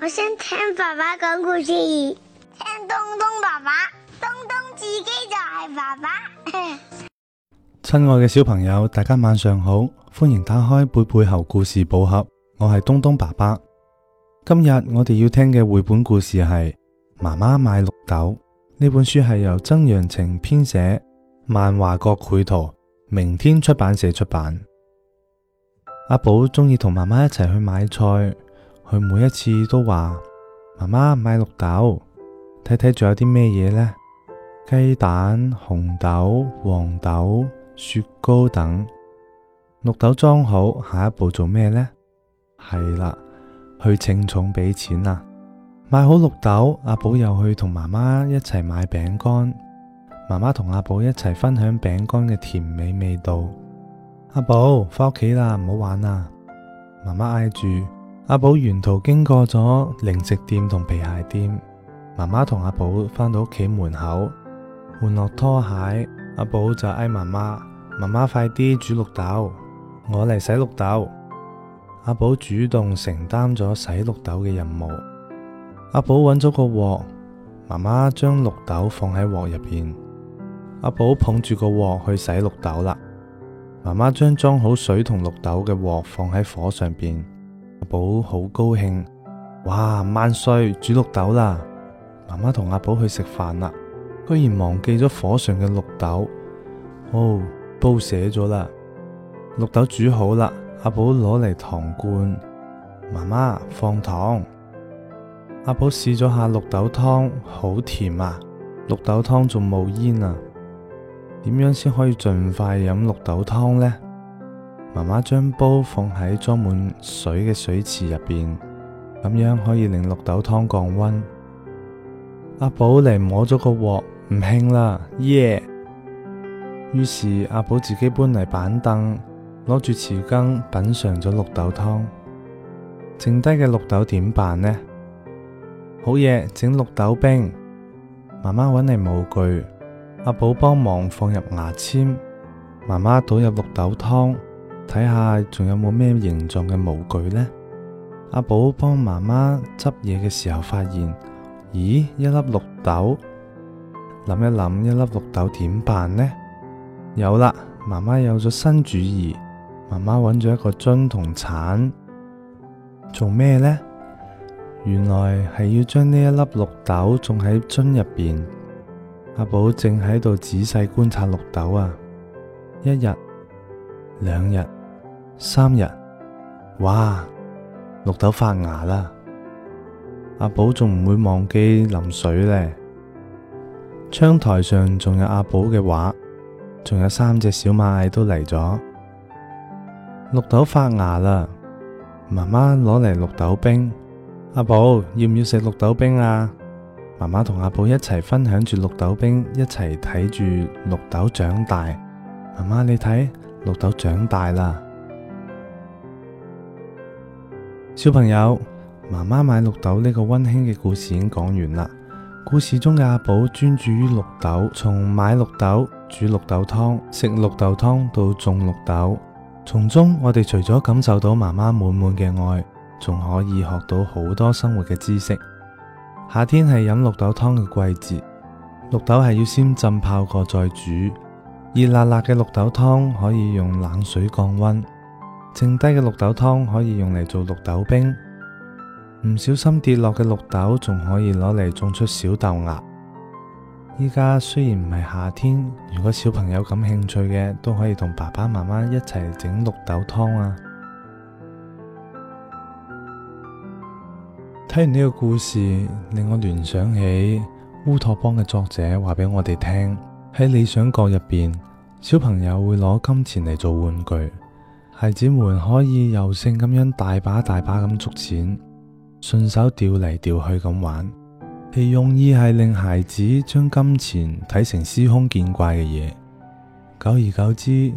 我想聽爸爸講故事，聽東東爸爸，東東自己就係爸爸。親愛嘅小朋友，大家晚上好，歡迎打開貝貝猴故事寶盒，我係東東爸爸。今日我哋要聽嘅繪本故事係《媽媽買綠豆》，呢本書係由曾陽晴編寫，萬華國繪圖。明天出版社出版。阿寶鍾意同媽媽一齊去買菜，佢每一次都話：媽媽，買綠豆，睇睇仲有啲咩嘢呢？雞蛋、紅豆、黃豆、雪糕等。綠豆裝好，下一步做咩呢？係啦，去稱重俾錢啦、啊。買好綠豆，阿、啊、寶又去同媽媽一齊買餅乾。媽媽同阿寶一齊分享餅乾嘅甜美味道。阿寶翻屋企啦，唔好玩啦。媽媽嗌住阿寶，沿途經過咗零食店同皮鞋店。媽媽同阿寶翻到屋企門口，換落拖鞋。阿寶就嗌媽媽，媽媽快啲煮綠豆，我嚟洗綠豆。阿寶主動承擔咗洗綠豆嘅任務。阿寶揾咗個鑊，媽媽將綠豆放喺鑊入邊。阿寶捧住個鑊去洗綠豆啦。媽媽將裝好水同綠豆嘅鑊放喺火上面。阿寶好高興，哇，萬歲，煮綠豆啦！媽媽同阿寶去食飯啦，居然忘記咗火上嘅綠豆。哦，煲瀉咗啦！綠豆煮好啦，阿寶攞嚟糖罐，媽媽放糖。阿寶試咗下綠豆湯，好甜啊！綠豆湯仲冇煙啊！點樣先可以盡快飲綠豆湯呢？媽媽將煲放喺裝滿水嘅水池入邊，咁樣可以令綠豆湯降溫。阿寶嚟摸咗個鍋，唔興啦，耶、yeah!！於是阿寶、啊、自己搬嚟板凳，攞住匙羹品嚐咗綠豆湯。剩低嘅綠豆點辦呢？好嘢，整綠豆冰。媽媽搵嚟模具。阿寶幫忙放入牙籤，媽媽倒入綠豆湯，睇下仲有冇咩形狀嘅模具呢？阿寶幫媽媽執嘢嘅時候，發現，咦，一粒綠豆，諗一諗，一粒綠豆點辦呢？有啦，媽媽有咗新主意，媽媽揾咗一個樽同鏟，做咩呢？原來係要將呢一粒綠豆種喺樽入邊。阿寶正喺度仔細觀察綠豆啊，一日、兩日、三日，哇，綠豆發芽啦！阿寶仲唔會忘記淋水咧。窗台上仲有阿寶嘅畫，仲有三隻小螞蟻都嚟咗。綠豆發芽啦！媽媽攞嚟綠豆冰，阿寶要唔要食綠豆冰啊？媽媽同阿寶一齊分享住綠豆冰，一齊睇住綠豆長大。媽媽你睇，綠豆長大啦。小朋友，媽媽買綠豆呢個溫馨嘅故事已經講完啦。故事中嘅阿寶專注於綠豆，從買綠豆、煮綠豆湯、食綠豆湯到種綠豆，從中我哋除咗感受到媽媽滿滿嘅愛，仲可以學到好多生活嘅知識。夏天係飲綠豆湯嘅季節，綠豆係要先浸泡過再煮。熱辣辣嘅綠豆湯可以用冷水降溫，剩低嘅綠豆湯可以用嚟做綠豆冰。唔小心跌落嘅綠豆仲可以攞嚟種出小豆芽。依家雖然唔係夏天，如果小朋友感興趣嘅，都可以同爸爸媽媽一齊整綠豆湯啊！聽完呢個故事，令我聯想起烏托邦嘅作者話俾我哋聽：喺理想國入邊，小朋友會攞金錢嚟做玩具，孩子們可以由性咁樣大把大把咁捉錢，順手掉嚟掉去咁玩。其用意係令孩子將金錢睇成司空見怪嘅嘢，久而久之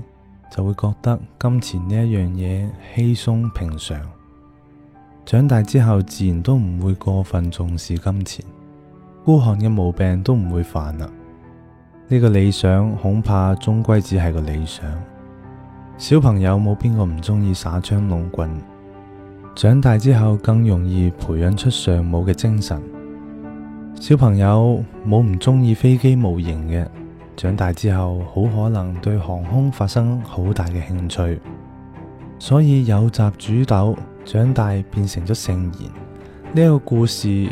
就會覺得金錢呢一樣嘢稀鬆平常。長大之後，自然都唔會過分重視金錢，孤寒嘅毛病都唔會犯啦。呢、這個理想恐怕終歸只係個理想。小朋友冇邊個唔中意耍槍弄棍，長大之後更容易培養出尚武嘅精神。小朋友冇唔中意飛機模型嘅，長大之後好可能對航空發生好大嘅興趣。所以有雜煮豆長大變成咗聖賢，呢個故事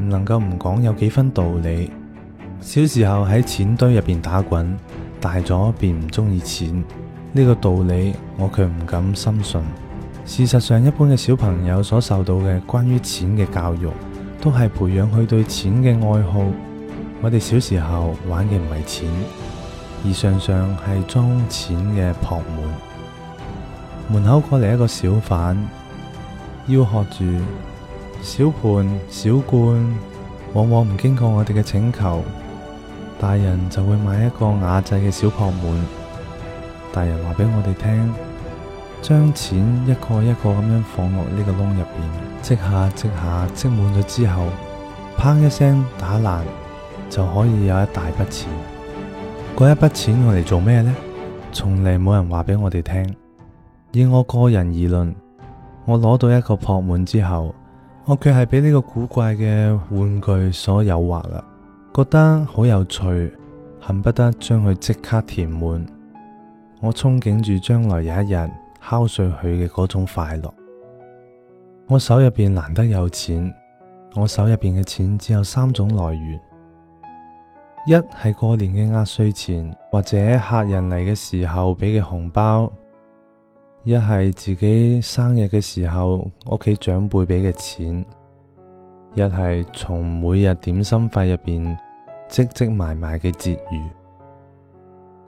唔能夠唔講有幾分道理。小時候喺錢堆入邊打滾，大咗便唔中意錢，呢個道理我卻唔敢深信。事實上，一般嘅小朋友所受到嘅關於錢嘅教育，都係培養佢對錢嘅愛好。我哋小時候玩嘅唔係錢，而常常係裝錢嘅撲滿。門口過嚟，一個小販，吆喝住小盤小罐，往往唔經過我哋嘅請求，大人就會買一個瓦製嘅小撲滿。大人話俾我哋聽，將錢一個一個咁樣放落呢個窿入邊，積下積下積滿咗之後，砰一聲打爛，就可以有一大筆錢。嗰一筆錢用嚟做咩呢？從嚟冇人話俾我哋聽。以我個人而論，我攞到一個撲滿之後，我卻係俾呢個古怪嘅玩具所誘惑啦，覺得好有趣，恨不得將佢即刻填滿。我憧憬住將來有一日敲碎佢嘅嗰種快樂。我手入邊難得有錢，我手入邊嘅錢只有三種來源：一係過年嘅壓歲錢，或者客人嚟嘅時候俾嘅紅包。一係自己生日嘅時候，屋企長輩畀嘅錢；從一係從每日點心費入邊積積埋埋嘅節餘，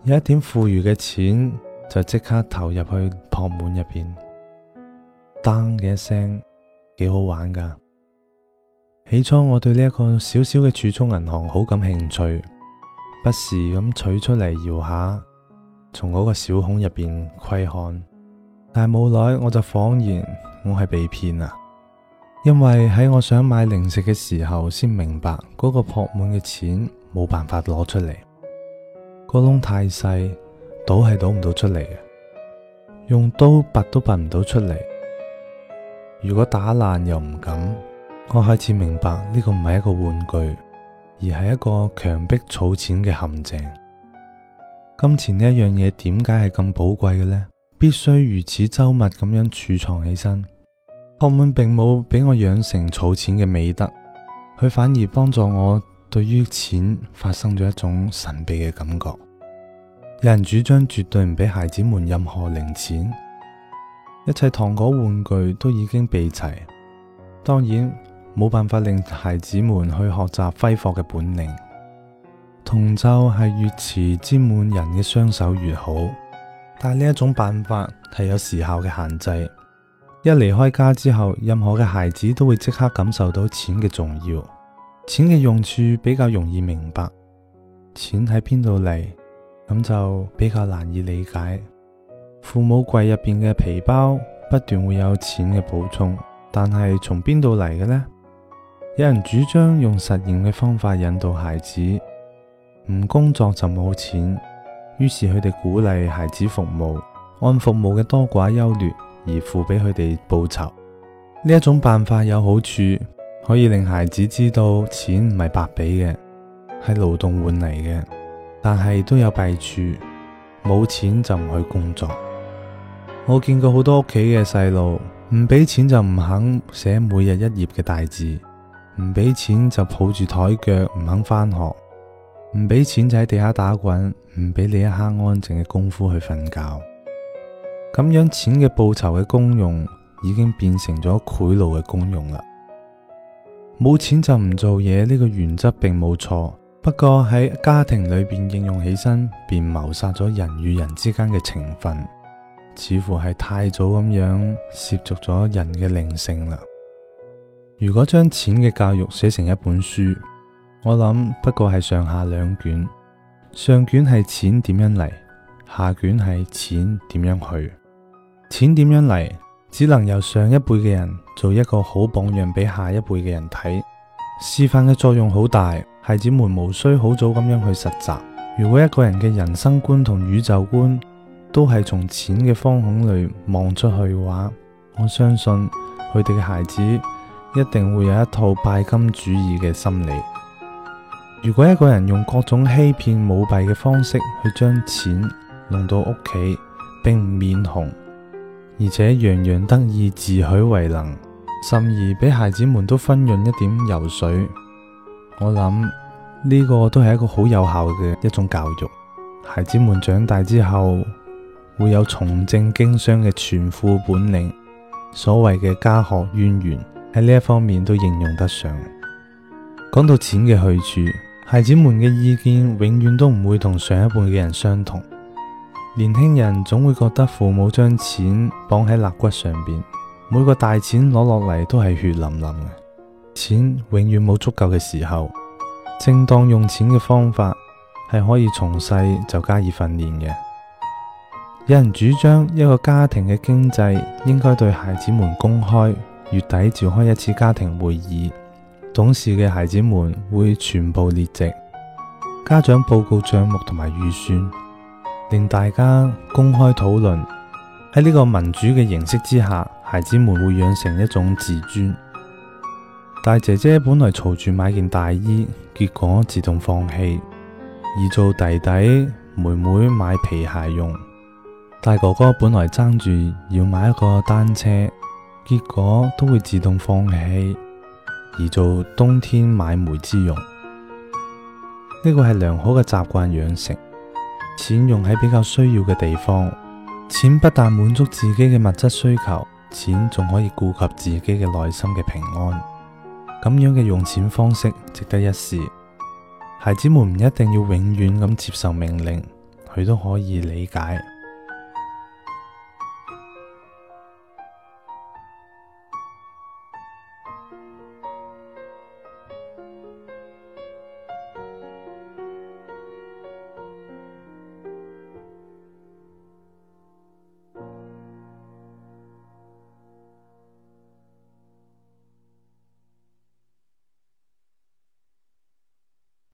有一點富裕嘅錢就即刻投入去撲滿入邊，當嘅一聲，幾好玩噶。起初我對呢一個小小嘅儲蓄銀行好感興趣，不時咁取出嚟搖下，從嗰個小孔入邊窺看。但冇耐我就恍然，我係被騙啦。因為喺我想買零食嘅時候，先明白嗰個撲滿嘅錢冇辦法攞出嚟，個窿太細，倒係倒唔到出嚟嘅，用刀拔都拔唔到出嚟。如果打爛又唔敢，我開始明白呢個唔係一個玩具，而係一個強迫儲錢嘅陷阱。金錢呢一樣嘢點解係咁寶貴嘅呢？必須如此周密咁樣儲藏起身，學問並冇俾我養成儲錢嘅美德，佢反而幫助我對於錢發生咗一種神秘嘅感覺。有人主張絕對唔俾孩子們任何零錢，一切糖果玩具都已經備齊，當然冇辦法令孩子們去學習揮霍嘅本領。銅咒係越遲沾滿人嘅雙手越好。但呢一種辦法係有時效嘅限制，一離開家之後，任何嘅孩子都會即刻感受到錢嘅重要。錢嘅用處比較容易明白，錢喺邊度嚟，咁就比較難以理解。父母櫃入邊嘅皮包不斷會有錢嘅補充，但係從邊度嚟嘅呢？有人主張用實驗嘅方法引導孩子，唔工作就冇錢。於是佢哋鼓勵孩子服務，按服務嘅多寡優劣而付俾佢哋報酬。呢一種辦法有好處，可以令孩子知道錢唔係白俾嘅，係勞動換嚟嘅。但係都有弊處，冇錢就唔去工作。我見過好多屋企嘅細路，唔俾錢就唔肯寫每日一頁嘅大字，唔俾錢就抱住台腳唔肯翻學。唔俾錢就喺地下打滾，唔俾你一刻安靜嘅功夫去瞓覺，咁樣錢嘅報酬嘅功用已經變成咗賄賂嘅功用啦。冇錢就唔做嘢，呢個原則並冇錯，不過喺家庭裏邊應用起身，便謀殺咗人與人之間嘅情分，似乎係太早咁樣涉足咗人嘅靈性啦。如果將錢嘅教育寫成一本書。我諗不過係上下兩卷，上卷係錢點樣嚟，下卷係錢點樣去。錢點樣嚟，只能由上一輩嘅人做一個好榜樣俾下一輩嘅人睇，示範嘅作用好大。孩子們無需好早咁樣去實習。如果一個人嘅人生觀同宇宙觀都係從錢嘅方孔裏望出去嘅話，我相信佢哋嘅孩子一定會有一套拜金主義嘅心理。如果一個人用各種欺騙舞弊嘅方式去將錢弄到屋企，並唔面紅，而且洋洋得意，自詡為能，甚而俾孩子們都分潤一點油水，我諗呢個都係一個好有效嘅一種教育。孩子們長大之後會有從政經商嘅全副本領。所謂嘅家學淵源喺呢一方面都應用得上。講到錢嘅去處。孩子們嘅意見永遠都唔會同上一輩嘅人相同。年輕人總會覺得父母將錢綁喺肋骨上邊，每個大錢攞落嚟都係血淋淋嘅。錢永遠冇足夠嘅時候，正當用錢嘅方法係可以從細就加以訓練嘅。有人主張一個家庭嘅經濟應該對孩子們公開，月底召開一次家庭會議。懂事嘅孩子們會全部列席，家長報告賬目同埋預算，令大家公開討論。喺呢個民主嘅形式之下，孩子們會養成一種自尊。大姐姐本來嘈住買件大衣，結果自動放棄，而做弟弟妹妹買皮鞋用。大哥哥本來爭住要買一個單車，結果都會自動放棄。而做冬天買梅之用，呢個係良好嘅習慣養成。錢用喺比較需要嘅地方，錢不但滿足自己嘅物質需求，錢仲可以顧及自己嘅內心嘅平安。咁樣嘅用錢方式值得一試。孩子們唔一定要永遠咁接受命令，佢都可以理解。